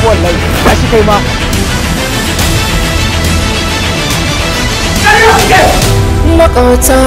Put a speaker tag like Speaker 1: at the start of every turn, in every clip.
Speaker 1: na wallahi ya shi kai ma makota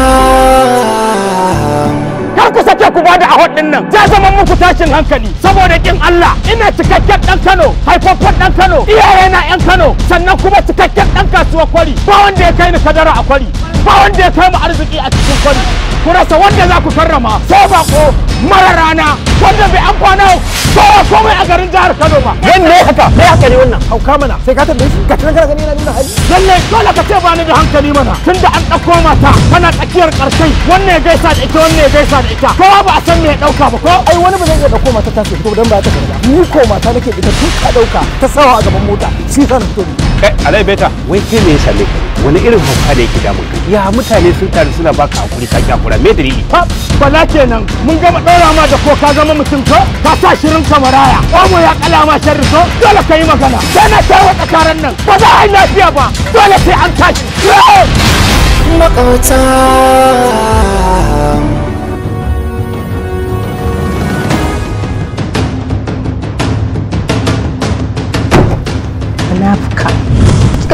Speaker 1: kar ku sake ku bada a din nan za zama muku tashin hankali saboda kin Allah ina cikakken dan Kano haifaffen dan Kano iyaye na yan Kano sannan kuma cikakken dan kasuwa kwari ba wanda ya kai ni kadara a kwari ba wanda ya kai mu arziki a cikin kwari ku rasa wanda za ku karrama so bako mara rana wanda bai amfana ko komai a garin jihar Kano ba yan ne haka sai haka ne wannan hauka mana sai ka tambaye ka tana kana gani nuna hali lalle dole ka ce ba ni da hankali mana tunda an dauko mata kana tsakiyar karshe wannan ya gaisa da ita wannan ya gaisa da ita kowa ba a san me ya dauka ba ko ai wani ba zai iya dauko mata ta fito dan ba ta karba ni ko mata nake ita tun ka dauka ta sawa a gaban mota shi san to kai alai beta wai ke me ya same ka wani irin hauka da yake damun ya mutane sun taru suna baka hakuri ka ki hakura me dalili ha bala kenan mun gama daura ma da ko ka zama mutum ko ka sa shirin kamaraya omo ya kala ma sharri ko dole ka yi magana sai na tawo tsakaran nan ba za a lafiya ba dole sai an tashi makauta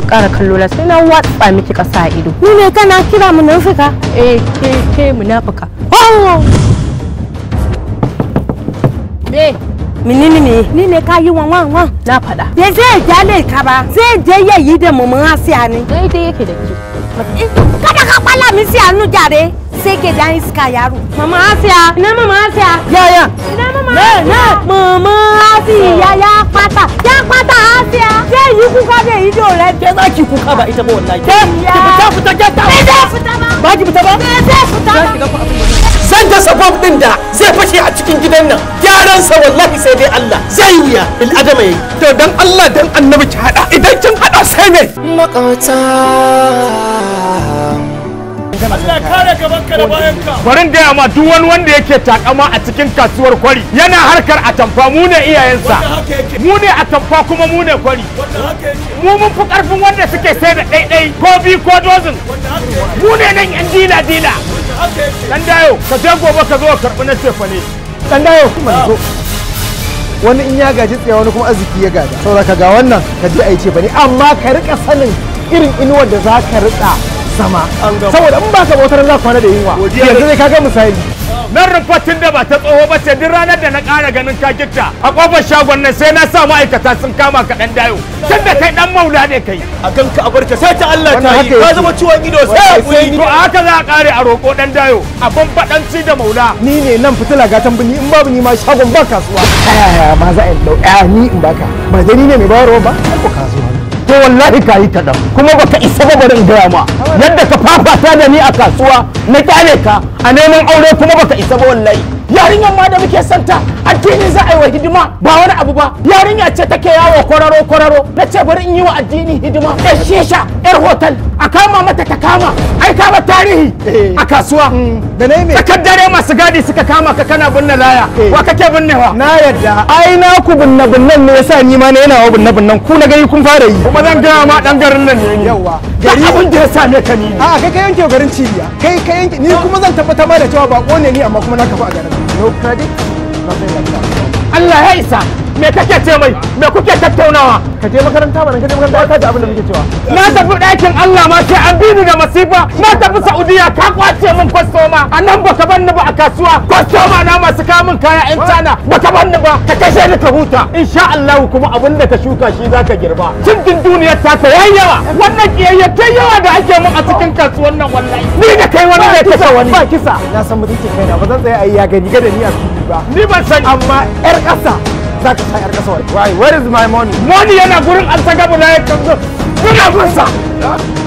Speaker 1: kara kallo la sai na watsa miki kasa a ido ni ne kana kira munafika eh ke ke munafika me menene ne ni ne ka yi wan wan wan na faɗa je ya le ka ba zai je yi da mu mun asiya ne dai dai yake da ke kada ka kwala min si nu jare sai ke dan iska yaro mama asiya ina mama asiya ya ya ina mama na na mama asiya ya pata. ya pata asiya zai yi kuka za ki kuka ba ita ba wallahi ke ki fita fita ke ta ba ki fita ba ba ki fita ba ba fita ba zan dasa din da zai fashe a cikin gidan nan gyaran sa wallahi sai dai Allah zai wuya bil adama yi to dan Allah dan annabi ki hada idan kin hada sai ne makauta magana Allah kare gaban ka da bayan ka barin gaya ma duk wani wanda yake takama a cikin kasuwar kwari yana harkar atamfa mu ne iyayensa mu ne atamfa kuma mu ne kwari mu mun fi karfin wanda suke sai da ɗaiɗai ko bi ko dozin mu ne nan yan dila dila dan dayo ka je gobe ka zo karɓi na cefa ne dan dayo kuma zo wani in ya gaji tsaye wani kuma arziki ya gada saboda ka ga wannan ka je a yi ce bane amma ka rika sanin irin inuwar da za ka rika sama saboda in baka bautar za kwana da yunwa yanzu zai kaga misali nan rufatin da ba ta tsoho ba ce duk ranar da na ƙara ganin ka gitta a kofar shagon nan sai na sa ma'aikata sun kama ka dan dayo tun da kai dan maula ne kai a kan ka abarka sai ta Allah ta yi ka zama ciwon ido sai a to a haka za a ƙare a roƙo dan dayo a banbaɗanci da maula ni ne nan fitila ga tambuni in babu ni ma shagon ba kasuwa ayaya ma za a yi ni in baka ba ne mai bayarwa ba ko kasuwa to wallahi ka yi kaɗan kuma baka isa ba barin gaya ma yadda ka fafata da ni a kasuwa na kyale ka a neman aure kuma baka isa ba wallahi yarinyar ma da muke santa addini za a yi wa hidima ba wani abu ba yarinya ce take yawo kwararo kwararo na ce bari in yi wa addini hidima ɗan shesha yar hotel a kama mata ta kama ai kama tarihi eh. a kasuwa mm. da ne mai dare masu gadi suka kama ka kana binne laya eh. wa kake binnewa na yadda ai na ku binne binnen ne yasa ni ma na yana wa binne binnen ku na gani kun fara yi kuma zan gaya ma dan garin nan ne yawa gari abin da ya same ka ni a kai ka yanke garin cibiya kai ka yanke ni kuma zan tabbatar ma da cewa bako ne ni amma kuma na kafa a garin no credit Allah ya isa me kake ce mai me kuke tattaunawa ka je makaranta ba ka je makaranta ka ji abin da muke cewa na tafi ɗakin Allah ma sai an bini da masifa na tafi Saudiya ka kwace min kwastoma a nan baka banni ba a kasuwa kwastoma na masu kamun kaya yan ba baka banni ba ka kashe ni ka huta insha Allah kuma abin da ka shuka shi za ka girba cin duniyar ta ta yawa? wannan kiyayya ta yawa da ake mun a cikin kasuwar nan wallahi ni da kai wani ne kasa wani ba kisa na san mutunci kaina ba zan tsaya ayi ya gani gada ni a ba ni ban san amma yar kasa za ka sa 'yar ƙasa wai where is my money money yana gurin an ta gaba na ya kanzo muna gusa